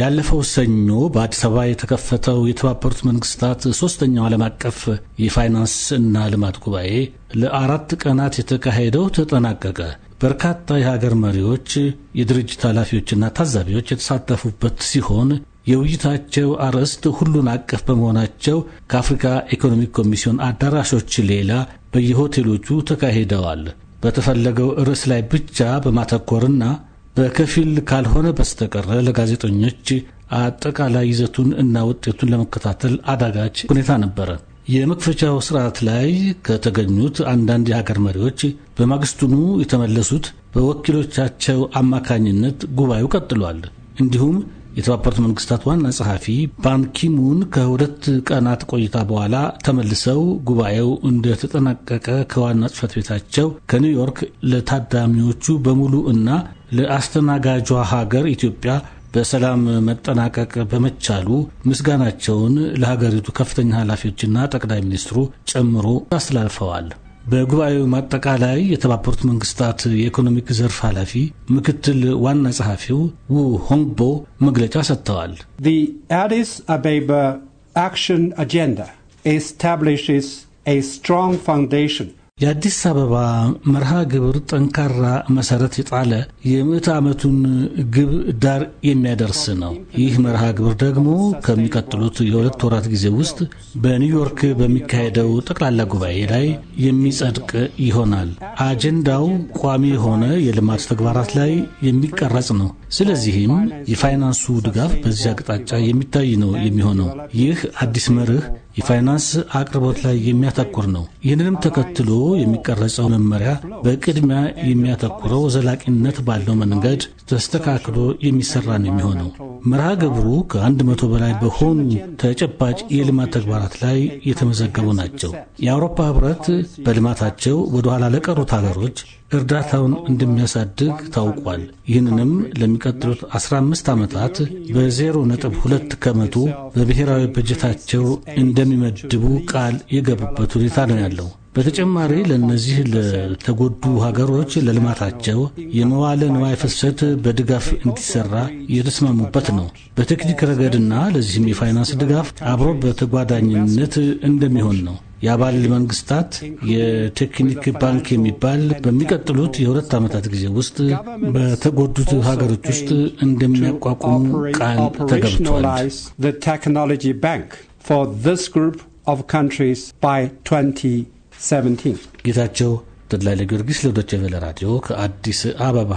ያለፈው ሰኞ በአዲስ አበባ የተከፈተው የተባበሩት መንግስታት ሶስተኛው ዓለም አቀፍ የፋይናንስ እና ልማት ጉባኤ ለአራት ቀናት የተካሄደው ተጠናቀቀ። በርካታ የሀገር መሪዎች፣ የድርጅት ኃላፊዎችና ታዛቢዎች የተሳተፉበት ሲሆን የውይይታቸው አርዕስት ሁሉን አቀፍ በመሆናቸው ከአፍሪካ ኢኮኖሚክ ኮሚስዮን አዳራሾች ሌላ በየሆቴሎቹ ተካሂደዋል። በተፈለገው ርዕስ ላይ ብቻ በማተኮርና በከፊል ካልሆነ በስተቀረ ለጋዜጠኞች አጠቃላይ ይዘቱን እና ውጤቱን ለመከታተል አዳጋች ሁኔታ ነበረ። የመክፈቻው ስርዓት ላይ ከተገኙት አንዳንድ የሀገር መሪዎች በማግስቱኑ የተመለሱት በወኪሎቻቸው አማካኝነት ጉባኤው ቀጥሏል። እንዲሁም የተባበሩት መንግስታት ዋና ጸሐፊ ባንኪሙን ከሁለት ቀናት ቆይታ በኋላ ተመልሰው ጉባኤው እንደተጠናቀቀ ከዋና ጽህፈት ቤታቸው ከኒውዮርክ ለታዳሚዎቹ በሙሉ እና ለአስተናጋጇ ሀገር ኢትዮጵያ በሰላም መጠናቀቅ በመቻሉ ምስጋናቸውን ለሀገሪቱ ከፍተኛ ኃላፊዎችና ጠቅላይ ሚኒስትሩ ጨምሮ አስተላልፈዋል። በጉባኤው ማጠቃላይ የተባበሩት መንግስታት የኢኮኖሚክ ዘርፍ ኃላፊ ምክትል ዋና ጸሐፊው ው ሆንግቦ መግለጫ ሰጥተዋል። አዲስ አበባ አክሽን አጀንዳ ኤስታብሊሽስ ስትሮንግ strong የአዲስ አበባ መርሃ ግብር ጠንካራ መሰረት የጣለ የምዕት ዓመቱን ግብ ዳር የሚያደርስ ነው። ይህ መርሃ ግብር ደግሞ ከሚቀጥሉት የሁለት ወራት ጊዜ ውስጥ በኒውዮርክ በሚካሄደው ጠቅላላ ጉባኤ ላይ የሚጸድቅ ይሆናል። አጀንዳው ቋሚ የሆነ የልማት ተግባራት ላይ የሚቀረጽ ነው። ስለዚህም የፋይናንሱ ድጋፍ በዚህ አቅጣጫ የሚታይ ነው የሚሆነው። ይህ አዲስ መርህ የፋይናንስ አቅርቦት ላይ የሚያተኩር ነው። ይህንንም ተከትሎ የሚቀረጸው መመሪያ በቅድሚያ የሚያተኩረው ዘላቂነት ባለው መንገድ ተስተካክሎ የሚሰራ ነው የሚሆነው። መርሃ ግብሩ ከአንድ መቶ በላይ በሆኑ ተጨባጭ የልማት ተግባራት ላይ የተመዘገቡ ናቸው። የአውሮፓ ህብረት በልማታቸው ወደኋላ ለቀሩት ሀገሮች እርዳታውን እንደሚያሳድግ ታውቋል። ይህንንም ለሚቀጥሉት 15 ዓመታት በ0.2 ከመቶ በብሔራዊ በጀታቸው እንደሚመድቡ ቃል የገቡበት ሁኔታ ነው ያለው። በተጨማሪ ለእነዚህ ለተጎዱ ሀገሮች ለልማታቸው የመዋለ ንዋይ ፍሰት በድጋፍ እንዲሰራ የተስማሙበት ነው። በቴክኒክ ረገድና ለዚህም የፋይናንስ ድጋፍ አብሮ በተጓዳኝነት እንደሚሆን ነው። የአባል መንግስታት የቴክኒክ ባንክ የሚባል በሚቀጥሉት የሁለት ዓመታት ጊዜ ውስጥ በተጎዱት ሀገሮች ውስጥ እንደሚያቋቁሙ ቃል ተገብቷል። ቴክኖሎጂ ባንክ ፎር ዚስ ግሩፕ ኦፍ ካንትሪስ ባይ ጌታቸው ተድላ ለጊዮርጊስ ለዶቸቬለ ራዲዮ ከአዲስ አበባ